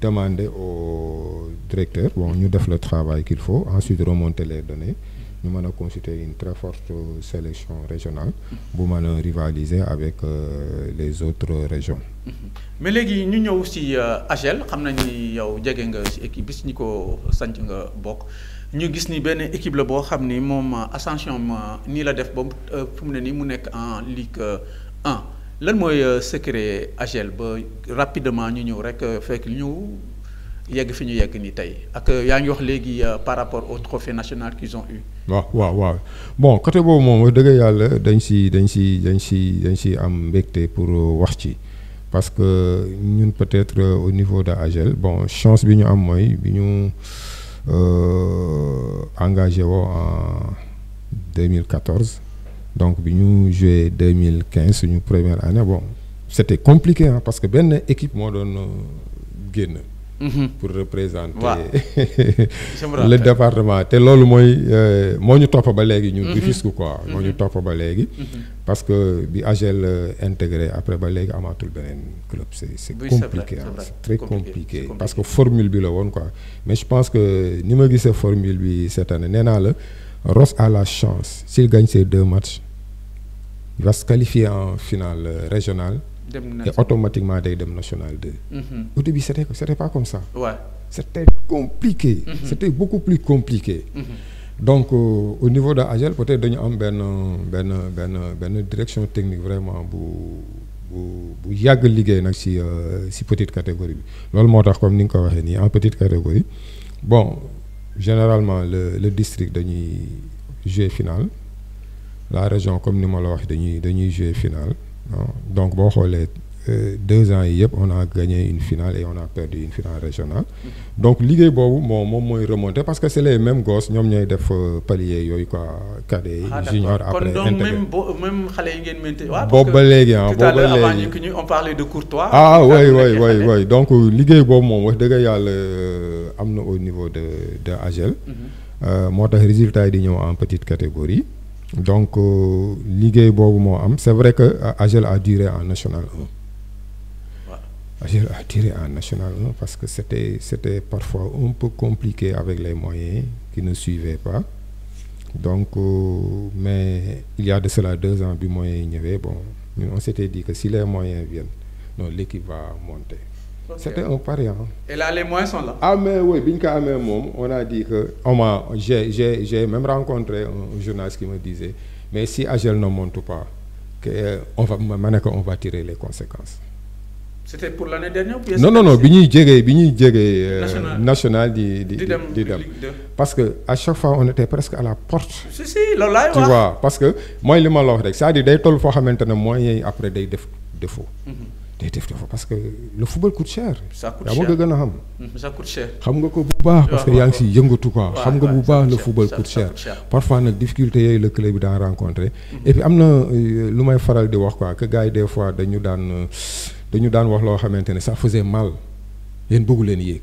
demander au directeur bon faire le travail qu'il faut ensuite remonter les données. Nous avons a une très forte sélection régionale bu rivaliser avec euh, les autres régions. Mm-hmm. mais les ñu aussi si AJEL xam nañ ni yow jege nga si équipe bi nous ñi ko sanc nga bokk ñu gis ni équipe la euh, ascension ma euh, nii la def ba fu ne nii mu en Ligue 1 lan mooy secret à ba rapidement ñu ñëw rek fait ñu. yegg fi ñu yegg nii tey ak yaa ngi wax par rapport au trophée national qu'ils ont eu waaw waaw waaw bon côté boobu moom wax dëgg yàlla dañ si dañ si dañ dañ am pour euh, wax ci parce que ñun peut-être euh, au niveau de agel bon chance bi ñu am mooy bi ñu euh, engagé woo en 2014 donc bi ñu joué 2015 suñu première année bon c'était compliqué hein, parce que benn équipe moo doon génn. Mhm. pour représenter le département C'est ce que ba mhm. quoi mhm. ñu ba parce que bi AGEL euh, intégré après le club c'est compliqué c'est hein. très compliqué parce que formule est la mais je pense que numéro avons cette formule cette année Ross a la chance s'il gagne ses deux matchs il va se qualifier en finale euh, régionale et automatiquement des dem national 2. Mhm. au début c'était c'était pas comme ça. Ouais. c'était compliqué. Mhm. c'était beaucoup plus compliqué. Mhm. donc euh, au niveau de AJEL peut-être dañu ben ben ben ben une direction technique vraiment pour pour bu yàgg euh, si petite catégorie normalement loolu moo ni en petite catégorie bon généralement le le district dañuy jeu final la région comme nous l'avons la wax dañuy dañuy jouer donc boo xoolee euh, deux ans yep, on a gagné une finale et on a perdu une finale régionale mm-hmm. donc ligue boobu moom moment mooy remonté parce que c'est les mêmes gosses ñoom des def euh, palier yooyu quoi cadet ah, junior après donc même même xale yi ngeen ménte waaw que ba léegi ah boobu avant on parlait de Courtois ah oui oui oui oui donc euh, liggéey boobu moom wax y a le na au niveau de de AGEL mm-hmm. moo tax résultat yi di ñëw en petite catégorie donc euh, ligue c'est vrai que euh, Agel a duré en national 1. a duré en national 1 parce que c'était c'était parfois un peu compliqué avec les moyens qui ne suivaient pas donc euh, mais il y a de cela deux ans du moyens n'y bon on s'était dit que si les moyens viennent l'équipe va monter. C'était un pari. Hein. Et là, les moyens sont là. Ah, mais oui, Binka Mom, on a dit que. J'ai même rencontré un journaliste qui me disait mais si Agel ne monte pas, que, on, va, on va tirer les conséquences. C'était pour l'année dernière ou bien Non, non, non, Bini Djéré, Bini Djéré, national de, Parce que à chaque fois, on était presque à la porte. Si, si, là, Tu vois, parce que moi, il m'a l'ordre. Ça dit, il faut maintenant moyen après des défauts. Mhm day parce que le football coûte cher. ça coûte cher yaa nga gën a xam. Mm-hmm, ça coûte cher. xam nga ko bu baax parce que yaa ngi si yëngatu quoi. xam nga bu baax le football coûte cher. parfois nag difficulté yooyu le club bi daan mm-hmm. et puis am na euh, may faral di wax quoi que gars yi des fois dañu daan euh, dañu daan wax loo xamante ça faisait mal yéen bëggu leen yéeg.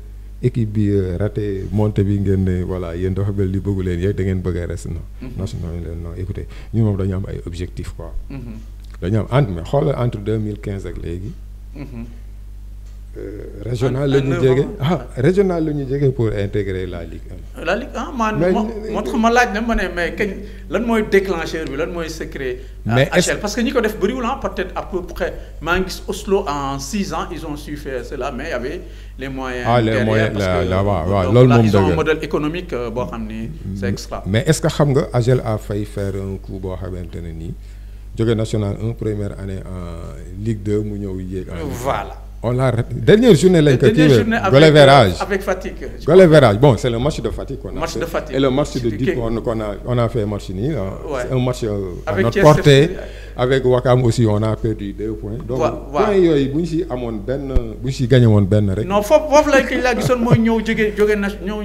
équipe bi euh, rate monté bi ngeen ne voilà yéen dafa mel li bëggu leen yeeg da bëgg a res non. Mhm. national leen non écoutez ñun moom dañu am ay objectif quoi. Mhm. dañu am entre mais xoolal entre deux mille quinze ak léegi. Mhm. Euh, régional la ñu jege ah régional la ñu jege pour intégrer la Ligue la Ligue 1 man moo tax ma laaj na ma mais kañ lan mooy déclencheur bi lan moy secret. mais HL parce que ñi ko def bëriwul ah, peut-être à peu près ma ngi Oslo en six ans ils ont su faire cela mais il y avait les moyens. ah les moyens là là waaw waaw loolu dëgg la ils ont un modèle économique euh, boo xam ni mm, mm. c'est extra. mais est-ce que xam nga Agel a failli faire un coup bo xamante ne nii national 1, première année en Ligue 2 mu ñëw yéeg. voilà on oh l'a dernière journée là, ko kiiwee euh, avec fatigue bon c'est le match de fatigue qu'on a match fait. de fatigue. et le match de Duc qu'on a on a fait match hein. ouais. c'est un match euh, à notre portée avec Wakam aussi on a perdu deux points. donc points yooyu bu ñu si amoon ben, bu ñu si gagné mon ben, rek. non Faut foofu la ñu la gisoon mooy ñëw jóge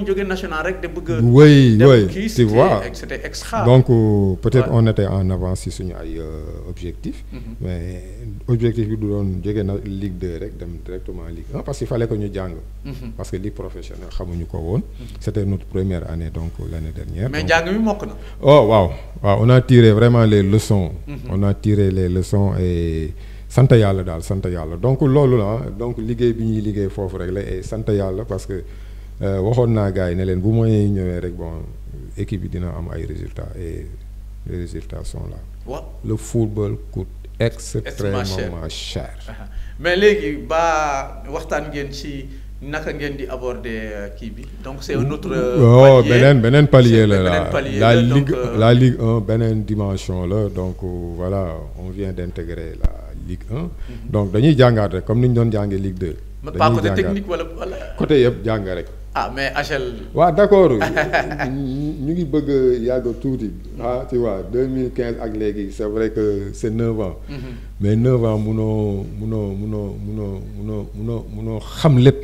jóge national rek de bëgg a. oui oui tu vois c'était extra. donc euh, peut-être on était en avance si suñu ay euh, objectif mm-hmm. mais objectif du don, jóge na Ligue 2 rek dem directement Ligue 1 parce qu'il fallait que ñu jàng. Mm-hmm. parce que les professionnels, xamuñu ko woon. Mm-hmm. c'était notre première année donc euh, l'année dernière. mais jàng mi mokk na. oh waaw waaw on a tiré vraiment les leçons. on a les leçons et santa yalla dal santa donc lolu là donc ligue bi ligue liggéey foofu rek la et parce que euh, waxon na les ne bu rek bon équipe bi dina am ay résultats et les résultats sont là. le football coûte extrêmement cher. mais les ba waxtan ngeen ci naka ngeen di aborder euh, kii bi donc c'est un autre. Euh, oh beneen beneen palier là. Euh, la ligue la ligue 1 beneen dimension là. donc voilà on vient d'intégrer la ligue 1. Mhm. donc dañuy jàngaat comme ni ñu doon jàngee ligue 2. Pas côté technique wala wala. côté yëpp jàng ah mais HL. waaw d'accord ñu ngi bëgg a yàgg ah tu vois 2015 ak léegi c'est vrai que c'est 9 ans. Mhm. mais 9 ans munoo munoo munoo munoo munoo munoo xam lépp.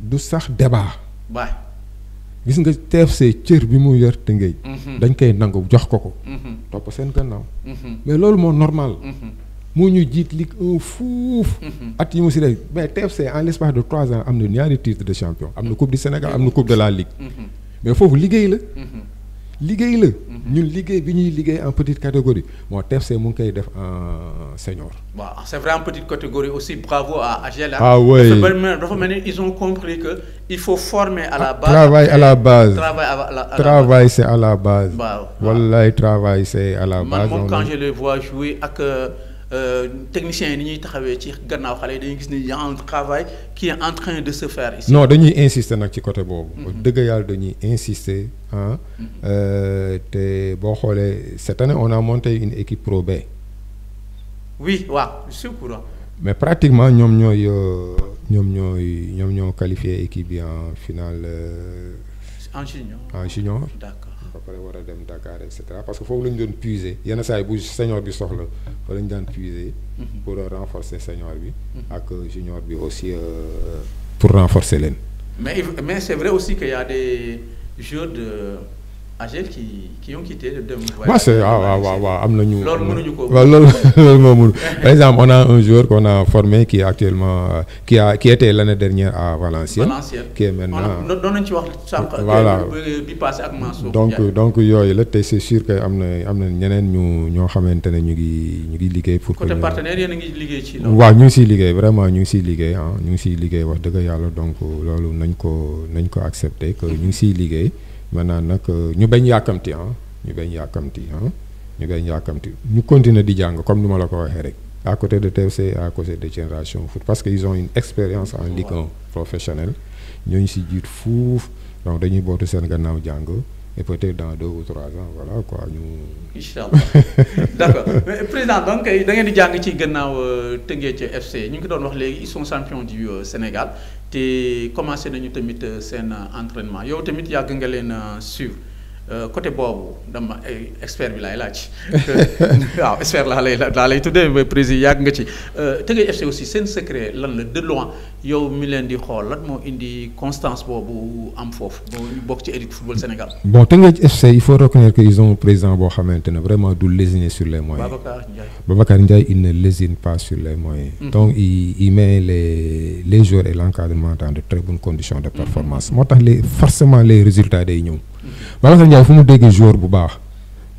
du sax débat. waay gis nga TFC cër bi mu yor Tëngéej. Mhm. dañ koy nangu jox ko ko. Mhm. topp seen gannaaw. Mhm. mais loolu moo normal. moo ñu jiit Ligue 1 fuuf. at yi mu si def mais TFC en l' espace de trois ans am na ñaari titre de champion am na coupe du Sénégal am na coupe de la Ligue. mais foofu liggéey la. Liguez-le. ñun liggéey bi ñuy en petite catégorie Moi, c'est mon mon koy def en senior. c'est vrai en petite catégorie aussi bravo à Agela hein. ah oui ils ont compris que il faut former à la ah, base. travail à la base travail c'est à la base. Bah, voilà travail c'est à la base. quand je le vois jouer ak. Euh, euh, techniciens ni travaillé travail qui est en train de se faire ici. non dañuy insister nak ci côté mm-hmm. insister hein. mm-hmm. euh, cette année on a monté une équipe pro oui mais pratiquement euh, qualifié équipe en finale. en hein ba pare war a dem Dakar et cetera parce que foofu la ñu doon puiser yenn saa yi bu senior bi soxla fa la daan puiser. Mhm. pour renforcer senior bi. Mhm. ak euh, junior bi aussi euh, pour renforcer leen. mais mais c'est vrai aussi qu'il y a des jeux de. Agile qui qui ont quitté le deuxième voyage. c'est waaw waaw waaw am nañu. loolu mënuñu ko waaw loolu loolu moo mënul par exemple on a un joueur qu'on a formé qui est actuellement euh, qui a qui était l'année dernière à Valenciennes. qui est maintenant on a doon nañu ci wax sànq. voilà passé ak Mansour. donc donc yooyu le te c'est sûr que am na am na ñeneen ñu ñoo xamante ne ñu ngi ñu ngi liggéey. pour que côté partenaire yéen ngi liggéey ci loolu. waaw ñu liggéey vraiment ñu ngi siy liggéey ah ñu ngi siy liggéey wax dëgg yàlla donc loolu nañ ko nañ ko accepter que ñu ngi liggéey maanaam nak euh, ñu bañ yakamti hein ñu bañ yakamti hein ñu bañ yakamti ñu continuer di jàng comme ni ma la ko waxee rek à côté de TFC e à côté de Génération Foot parce que ils ont une expérience en Ligue 1 professionnelle ñooñu si jiit fuuf donc dañuy bootu seen gannaaw jàng et peut-être dans deux ou trois ans voilà quoi ñu. inshallah d'accord président donc da ngeen di jàng ci gannaaw euh, Teungueth FC ñu ngi ko doon wax légui ils sont champions du euh, Sénégal. te commencé nañu tamit euh, seen euh, entraînement yow tamit yàgg nga leen euh, suivre Euh, côté bobu dama ay expert bi lay laaj waaw expert laa lay laa lay tuddee mais président yàgg nga ci euh, Tëngéej FC aussi seen secret lan la de loin yow mi leen di xool lan moo indi constance boobu am foofu ba ñu bokk ci élite football Sénégal. bon Tëngéej FC il faut reconnaître que ils ont un président boo xamante ne vraiment du lésiner sur les moyens. Babacar Ndiaye Babacar Ndiaye il ne lésine pas sur les moyens. Mm-hmm. donc il il met les les joueurs et l'encadrement dans de très bonnes conditions de performance. moo tax les forcément les résultats day ñëw. Babacar Ndiaye fu mu déggee joueur bu baax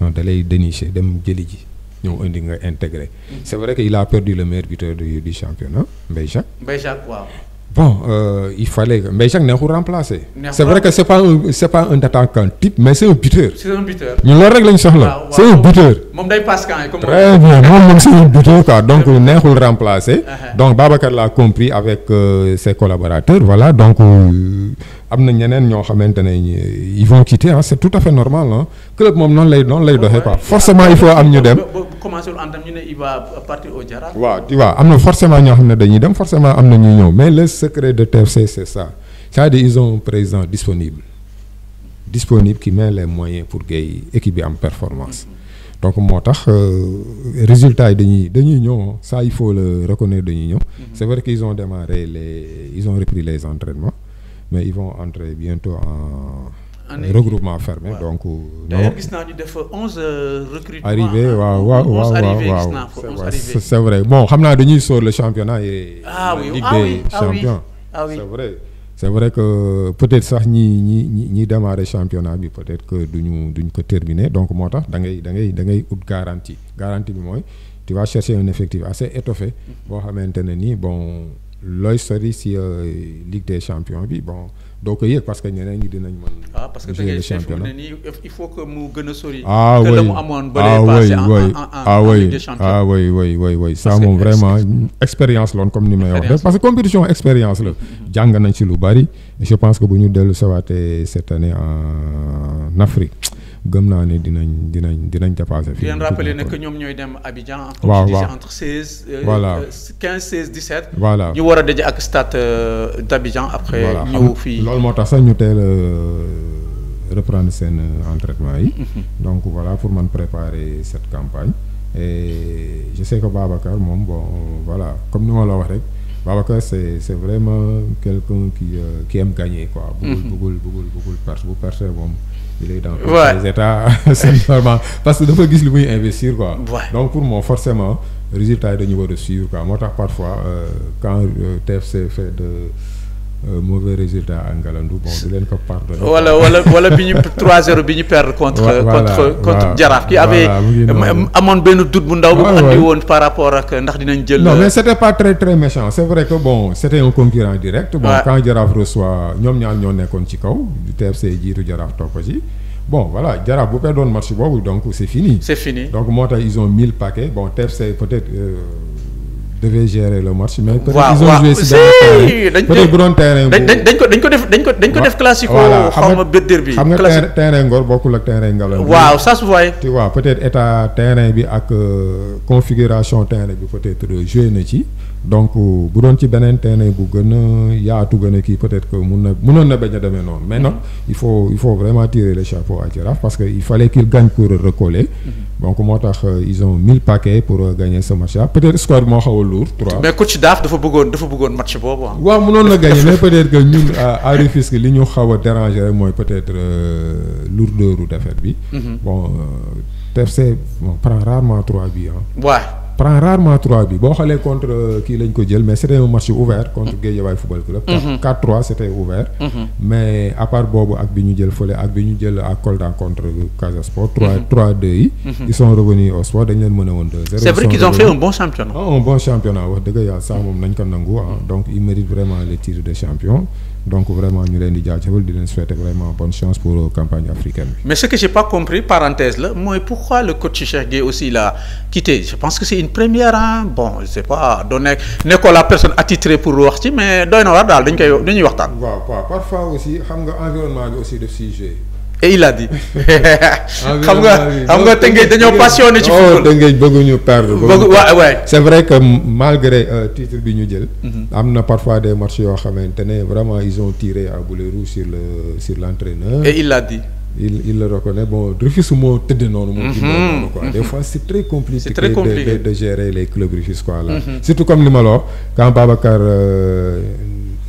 non da lay dénicher dem jëli ji ñëw indi nga intégrer mm-hmm. c'est vrai qu'il a perdu le meilleur buteur du championnat Mbaye Jacques. Mbaye Jacques waaw. Bon, euh, il fallait. Mais Jacques Nehru remplacé. C'est vrai que ce pas, un, pas un attaquant type, mais c'est un buteur. C'est un buteur. Mais c'est un buteur. Très bien, c'est un buteur. Donc, Nehru remplacé. Uh-huh. Donc, Babacar l'a compris avec euh, ses collaborateurs. Voilà, donc, euh, ils vont quitter. Hein. C'est tout à fait normal. Hein. Club, non, non, non, forcément, il faut amener commencé woon ñu il va partir au Djara? waaw tu vois forcément ñoo xam dañuy forcément mais le secret de TFC c'est ça c'est-à-dire ils ont un président disponible disponible qui met les moyens pour gay équipe bi am performance. donc moi, euh, résultat est dañuy ça il faut le reconnaître de ñëw. Mm-hmm. c'est vrai qu'ils ont démarré les ils ont repris les entraînements mais ils vont entrer bientôt en. Un regroupement fermé donc. Euh, d'ailleurs gis ñu def 11 euh, recrutements. arrivé hein. waaw waaw waaw waaw C'est vrai bon on naa dañuy sur le championnat et. ah oui ligue ah des ah champions ah oui C'est vrai. c'est vrai que euh, peut-être sax ñi ñi ñi ñi démarrer championnat bi peut-être que duñu duñ ko terminé. donc moi, tax da ngay da ngay da garantie garantie bi tu vas chercher un effectif assez étoffé mhm. Bon, xamante ne nii bon looy sur ligue des champions bi bon donc ko parce que ñeneen ñi dinañ man ah parce que da ngay chef ne il faut que mu gën a sori. ah oui que la mu amone ba ah passé en en ah en en Ligue des champions. ah oui oui oui oui ça moom vraiment expérience lone comme ni may wax. parce que compétition expérience la. Mm-hmm. jang nañ ci lu bari. je pense que bu ñu dellu sawaatee cette année en Afrique gëm naa ne dinañ dinañ dinañ dépassé. fii ngeen rappeler ne que ñoom ñooy dem Abidjan. waaw waaw entre seize. Euh, voilà euh, quinze seize dix sept. voilà ñu war a daje ak stade euh, d' Abidjan après. ñëw fii loolu moo tax sax ñu teel a reprendre seen entraînement yi. Mhm. donc voilà pour man préparer cette campagne. et je sais que Babacar moom bon voilà comme ni ma la wax rek. Babacar c'est c'est vraiment quelqu'un qui euh, qui aime gagner quoi. Mhm. bëggul bëggul bëggul bëggul perte bu perte moom il est dans les états normalement parce que dafa gis lu muy investir quoi. donc pour moi forcément résultat est de niveau de suivre quoi parfois euh, quand euh, TFC fait de. Euh, mauvais résultat à Ngalandou bon di leen ko pardonner. Voilà, voilà, voilà, bi 3-0 bi ñu perdre. contre contre contre Jaraaf. ki avait amoon benn doute bu ndaw. bu andi woon par rapport ak ndax dinañ jël. non mais c' était pas très très méchant C'est vrai que bon c'était un concurrent direct. bon quand Jaraaf reçoit ñoom ñaar ñoo nekkoon ci kaw TFC jiitu Jaraaf topp ci. bon voilà Jaraaf bu un match boobu donc c'est fini. C'est fini donc moo ils ont 1000 paquets bon TFC peut-être. Euh, devait gérer le match. mais peut-être ils ont joué si dans le ko dañ classico. terrain Ngor de terrain ça se voit. tu vois peut-être état terrain bi euh, configuration terrain bi peut-être donc euh, bu doon ci beneen terrain bu gën a yaatu gën a kii peut-être que mun na munoon na bañ a demee mais non il faut il faut vraiment tirer le chapeau à Jaraaf parce que il fallait qu'il gagne pour recoller mm-hmm. donc moo tax euh, ils ont mille paquets pour euh, gagner ce match là peut-être score bi moo xaw a lourd trois mais coach Daaf dafa bëggoon dafa bëggoon match boobu ah. waaw munoon na gagner mais peut-être que ñun à Rufisque li ñu xaw a déranger peut-être lourdeur u d'affaire bi. Mm-hmm. bon TFC prend rarement trois buts ah prend rarement 3 bi bo xalé contre euh, kii lañ ko mais c'était un match ouvert contre Guédiawaye football club. 4-3 mm-hmm. c'était ouvert. Mm-hmm. mais à part bobu ak biñu ñu jël fële ak biñu à Kolda contre Casa Sport. 3 3-2 mm-hmm. ils sont revenus au sport dañ leen 2-0. vrai qu'ils ont fait un bon championnat. Ah, un bon championnat ko ah. donc ils méritent vraiment le titre de champion donc vraiment ñu leen di jaajëfal di leen souhaiter vraiment bonne chance pour la euh, campagne africaine mais ce que j'ai pas compris parenthèse là, moi, pourquoi le coach Cheikh aussi l'a quitté je pense que c'est une première hein. bon je sais pas donner n'est pas la personne attitrée pour wax mais war parfois aussi xam nga environnement aussi de sujet et il a dit ah, xam nga xam nga dañoo oh, passionné ci football. Tëngéej bëgguñu perdre. ñu perdre c'est vrai que malgré euh, titre bi ñu jël. Mhm. am na parfois des matchs yoo xamante ne vraiment ils ont tiré à boule rouge sur le sur l'entraîneur. et il l'a dit. il il le reconnaît bon Rufisque moo tëdd noonu. moo mhm. quoi des fois c'est très compliqué. très compliqué de de de gérer les clubs Rufisque quoi là. Mhm. surtout comme ni ma la wax quand Babacar. Euh,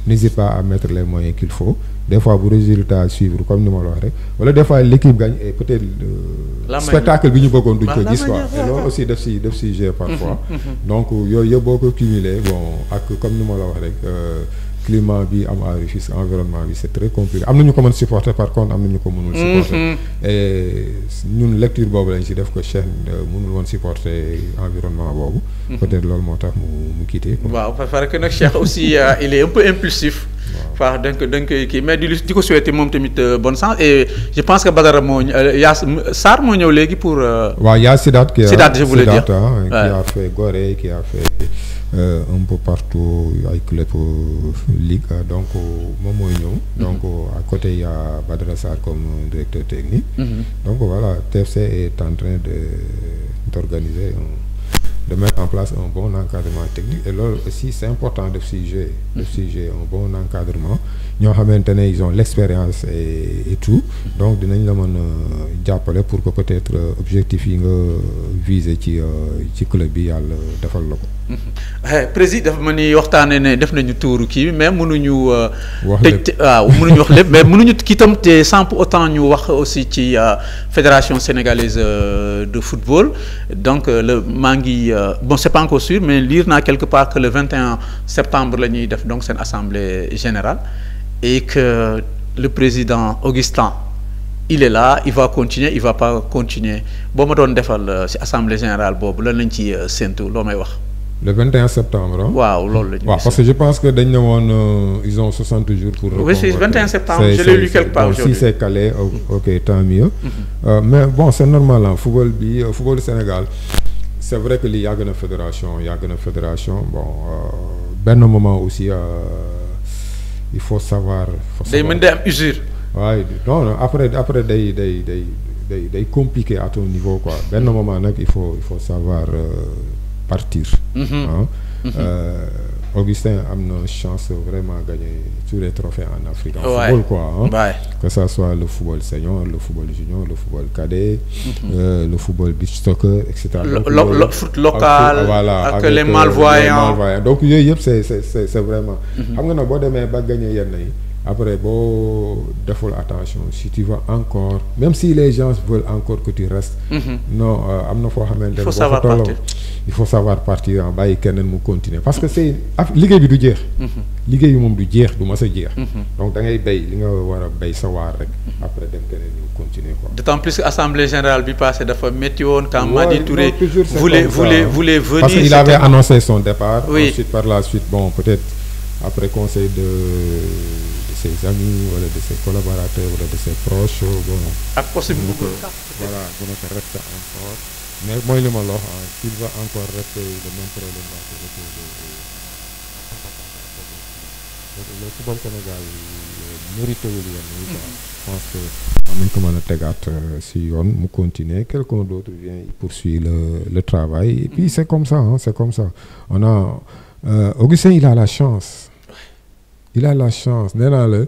n'hésitez pas à mettre les moyens qu'il faut des fois vous résultat suivre comme nous ma wax des fois l'équipe gagne et peut-être euh, spectacle bi ñu du duñ ko aussi de si def si j'ai parfois donc il ya beaucoup beaucoup cumulé bon comme nous climat bi am Rufisque environnement bi c'est très compliqué am na ñu ko mën supporter par contre am na ñu ko mënul mm-hmm. supporter et ñun lecture boobu lañ ci def ko Cheikh euh, mënul woon supporter environnement boobu mm-hmm. peut-être loolu moo tax mu mu quitté waaw parce que nag Cheikh aussi euh, il est un peu impulsif waaw donc donc kii mais di di ko souhaiter moom tamit euh, bonne chance et je pense que Badara moo Yass Sarr moo ñëw léegi pour waaw yaa Sidaat Sidaat je voulais dire Sidaat hein, qui a fait Gorée qui a fait euh, un peu partout avec le ligue donc au euh, mooy mhm. donc euh, à côté il y a Badrassar comme directeur technique mhm. donc voilà TFC est en train d'organiser de mettre en place un bon encadrement technique et là aussi c'est important de figer de mhm. un bon encadrement ñoo xamantene ils ont l'expérience et, et tout donc dinañ la mën a jàppale pour que peut-être euh, objectif yi nga viser ci euh, ci club bi yàlla defal la ko. Mm-hmm. Eh, président dafa ma ni waxtaanee ne def nañu tuuru kii bi mais mënuñu. Euh, wax lépp waaw mënuñu wax lépp mais mënuñu kii te sans pour autant ñu wax aussi ci fédération sénégalaise de football donc le maa ngi bon c'est pas encore sûr mais lire naa quelque part que le 21 septembre la ñuy def donc seen assemblée générale et que le président Augustin il est là il va continuer il va pas continuer bon ma defal euh, générale boobu euh, le hein? lundi ci tout le 21 septembre. waaw parce que je pense que dañ euh, ils ont 60 jours pour. oui c'est 21 septembre je l'ai lu quelque part aujourd'hui si c'est calé mm-hmm. ok tant mieux. Mm-hmm. mais bon c'est normal le hein, football du football Sénégal. c'est vrai que y a une fédération a une fédération bon un moment aussi il faut savoir. day même day am ouais non non après après des, des, des, day day compliqué à ton niveau quoi ben moment nag il faut il faut savoir euh, partir. Mhm. Hein? Mhm. euh, Augustin a une chance vraiment de gagner tous les trophées en Afrique. En football, quoi. Hein? Que ce soit le football senior, le football junior, le football cadet, mhm. euh, le football beach soccer, etc. Le, football, foot local, avec, les, euh, malvoyants. les malvoyants. Donc, c'est vraiment. Mm -hmm après faut deful attention si tu vas encore même si les gens veulent encore que tu restes mhm. non euh, il faut savoir partir en qu'elle ne mu continuer parce que c'est l'idée bi du jeex liggéey bi du jeex mhm. du mas a mhm. donc da ngay béy li nga après continuer quoi d'autant plus que assemblée générale bi passé dafa métti woon quand Madi Touré voulait hein. voulait venir parce qu'il avait annoncé son départ oui. ensuite par la suite bon peut-être après conseil de ses amis, voilà, de ses collaborateurs, de ses proches. Voilà. vous beaucoup. Voilà, reste encore. Mais moi, il m'a qu'il va encore rester le même problème. que je pense que si on continue, quelqu'un d'autre vient il poursuit le travail et puis c'est comme ça c'est comme ça on a Augustin il a la chance il a la chance nee le la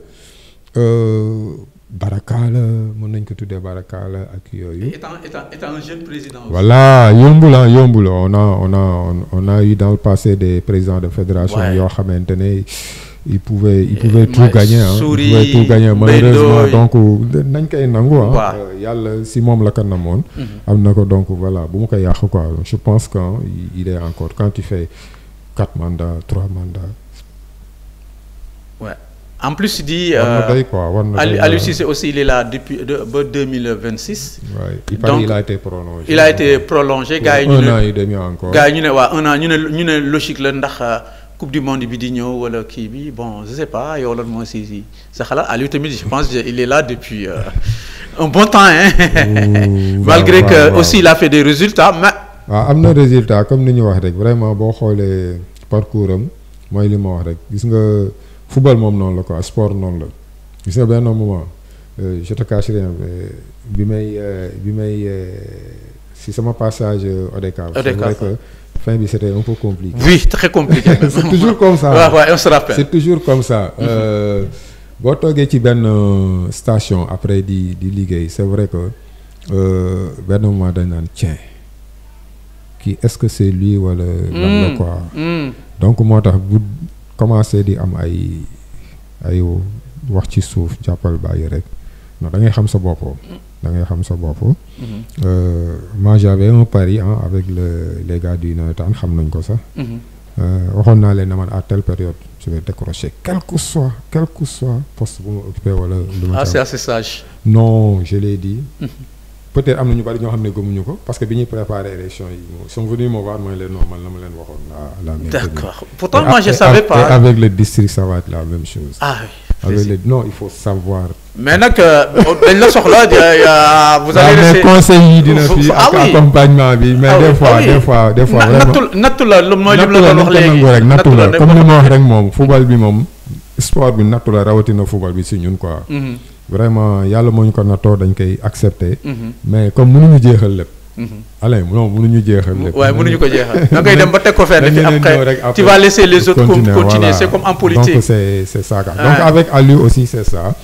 euh, baraka la mën nañ ko tuddee baraka la ak yooyu. et étant étant un jeune président. voilà yombul ah on a on a on a eu dans le passé des présidents de fédération. yoo xamante ne ils pouvaient ils pouvaient tout gagner ah. ils pouvaient tout gagner malheureusement donc nañ koy nangu ah. yàlla si moom la ko namoon. Mm-hmm. ko donc voilà bu ma quoi je pense que hein, il est encore quand tu fais quatre mandats trois mandats. Ouais. En plus, il dit. Euh, Ali euh, Cissé aussi, il est là depuis de, 2026. Ouais. Il, Donc, il a été prolongé. Il a été prolongé. Pour un an et demi encore. une a un an. Il a logique. La euh, Coupe du Monde, Bidigno, ou Kibi. Bon, je ne sais pas. Il y a ça saisi. Ali Temid, je pense qu'il est là depuis euh, un bon temps. Hein? Ouh, Malgré que aussi, il a fait des résultats. Mais... Ah, il y a des résultats. Comme nous l'avons dit, vraiment, bon, le parcours, moi, il est mort. Vous voyez, football moom noonu la quoi sport noonu la gis nga benn moment je te cache rien bi may euh, bi may euh, si sama passage ODK. c'est vrai que fin bi c'était un peu compliqué. oui très compliqué. c'est toujours comme ça. waaw waaw on se rappelle. c'est toujours comme ça. Mm-hmm. Euh, boo toogee ci benn station après di di liggéey c'est vrai que benn moment dañ naan tiens kii est-ce que c'est lui wala. lan la mm-hmm. quoi. Mm-hmm. donc moo tax bu commencé di am ay ay wax ci suuf jàppal bàyyi rek non da ngay xam sa bopp da ngay xam sa bopp mhm. euh, moi j'avais un pari hein, avec le les gars du nawetaan xam nañ ko sax mhm. euh, waxoon naa leen ne man à telle période je vais décrocher quelque soit quelque soit poste bu ma occupé wala lu ma ah c'est assez sage non je l'ai dit mhm peut-être am na ñu bari ñoo xamné ne gëmuñu ko parce que biñuy préparer élection yi sont venus me voir moy leen normal man la ma leen waxoon. la la même d'accord pourtant moi je savais pas. avec le district ça va être la même chose. ah oui avec le non il faut savoir. mais nak euh, dañ la soxla euh, vous avez laissé conseil yi dina fi ah ak accompagnement bi mais ah ah des fois des fois des fois. vraiment nattu la nattu la mooy lim la wax léegi rek la comme ni mo wax rek mom football bi mom sport bi nattu la na football bi ci ñun quoi. Mhm vraiment yàlla moo ñu ko nattoo dañ koy accepter. Mm-hmm. mais comme mënuñu jeexal lépp. Mm-hmm. Alain non mënuñu jeexal lépp. waaye mënuñu ko jeexal da ngay dem ba teg ko fenn fi après tu vas laisser les autres continuer continuer c'est comme en politique. donc c'est c'est ça donc ah. avec Aliou aussi c'est ça.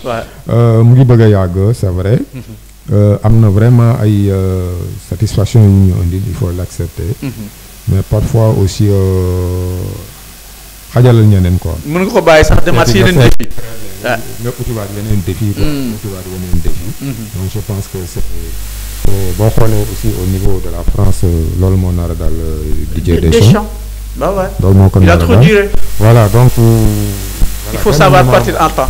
Euh, mu ngi bëgg a yàgg c'est vrai. Mm-hmm. Euh, am na vraiment ay euh, satisfaction yu ñu indi il faut l'accepter. mais parfois aussi xajalal ñeneen ko mën nga ko bàyyi sax demaat si yeneen défi ah nga utiwaat yeneen défi utiwaat yeneen défi donc je pense que c'est boo xoolee aussi au niveau de la France loolu moo nar a daal Didier Deschamps bah ouais loolu moo ko nar a daal il a trop duré voilà donc il faut savoir partir en temps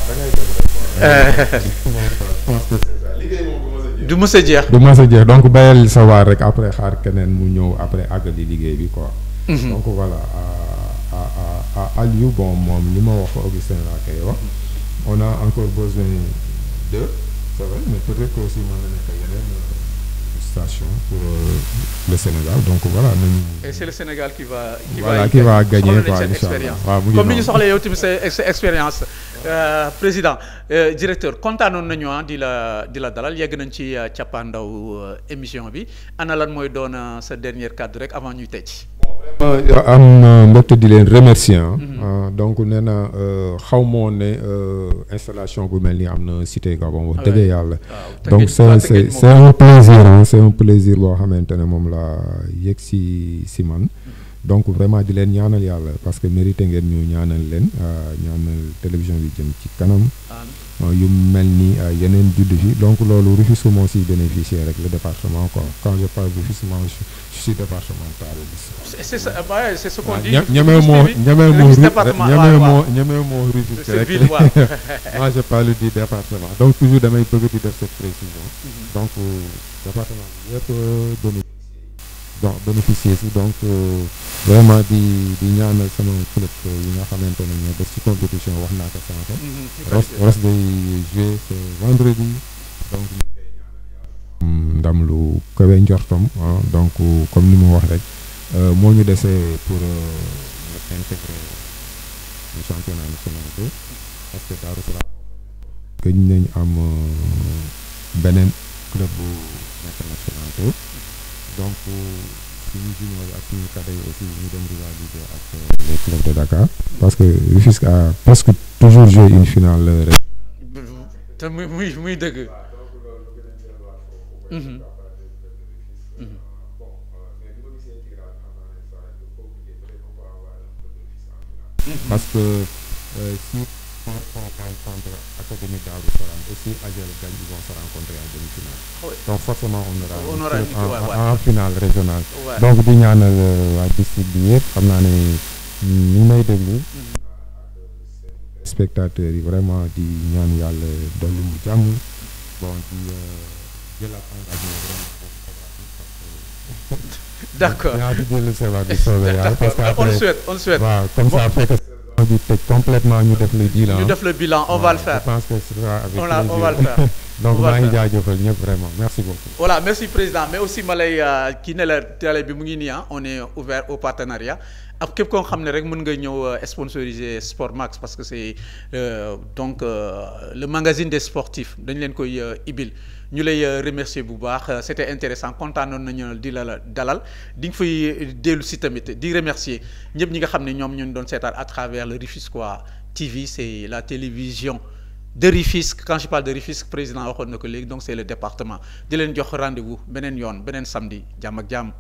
du mës a jeex du mës a jeex donc bayal savoir rek après xaar keneen mu ñëw après àggali liggéey bi quoi donc voilà à, à, Aliou bon moom li ma wax Augustin laa wax on a encore besoin de c'est vrai mais peut-être que aussi mën na nekk yeneen station pour euh, le Sénégal donc voilà et c'est le Sénégal qui va. qui voilà, va qui va gagner quoi incha allah ah, comme ni ñu soxla yow tamit sa expérience. Euh, président euh, directeur kontaanoon nañu ah di la di la dalal yegg nañ ci cappaandaw émission bi ana lan mooy doon dernier cadre rek avant ñuy je voudrais euh, remercier hein. mhm. euh, donc euh, installation donc c'est un plaisir hein. c'est un plaisir donc vraiment di leen ñaanal yàlla parce que mérité ngeen ñu ñaanal leen euh, ñaanal télévision bi jëm ci kanam. Euh, yu mel ni euh, yeneen judd fi donc loolu Rufisque moo siy bénéficier rek le département quoi quand je parle Rufisque moi je suis départemental. c'est ça bah c'est ce qu'on dit. ñeme moo ñeme moo ñeme moo ñeme moo Rufisque rek moi je parle du département donc toujours damay bëgg di def cette précision. Mhm. donc département bi yëpp bah, donc bénéficier si donc vraiment di di ñaanal sama club euh, yi nga xamante ne ñoo des ci compétition wax naa ko sànq. ros mm-hmm. ros day joué vendredi donc ñu koy ñaanal mm, ndam lu kawe njortom ah, donc comme ni mu wax rek euh, moo ñu dese pour euh, intégrer le championnat national bi parce que daru Salaam que nañ am beneen club bu nekk bi donc euh, suñu junior de Dakar parce que presque toujours joué une finale euh, mhm. Mhm. parce que. Euh, rencontre Académie d'Arles Soran et si Agel gagne, ils vont se rencontrer en demi-finale. Oui. Donc forcément, on aura, on aura une, en, ouais, ouais. en, finale régionale. Ouais. Donc, di ñaanal euh, waa district bi yëpp xam naa ne ñi may déglu. Mm-hmm. spectateurs yi vraiment di ñaan yàlla dolli mu jàmm bon di euh, jëlaat engagement vraiment. D'accord. Hein, on le souhaite, on le souhaite. Voilà, comme ça, fait que envie complètement ñu def le bilan ñu def le bilan on va le faire je pense que ce sera avec plaisir on va le faire donc maa ngi jaajëfal ñëpp vraiment merci beaucoup voilà merci président mais aussi Malay, qui euh, n'est ne la télé bi mu ngi ah, on est ouvert au partenariat ak képp koo xam ne rek mën nga ñëw euh, sponsoriser Sport Max parce que c'est euh, donc le magazine des sportifs dañ leen koy ibil ñu lay euh, remercier bu baax euh, c'était intéressant kontaanoon nañu di la dalal di nga fay euh, delu si tamit di remercier ñepp ñi nga xamné ñom ñu doon à travers le rifisque TV c'est la télévision de rifisque quand je parle de rifisque président waxoon na ko donc c'est le département di leen jox rendez-vous benen yoon benen samedi jam ak jam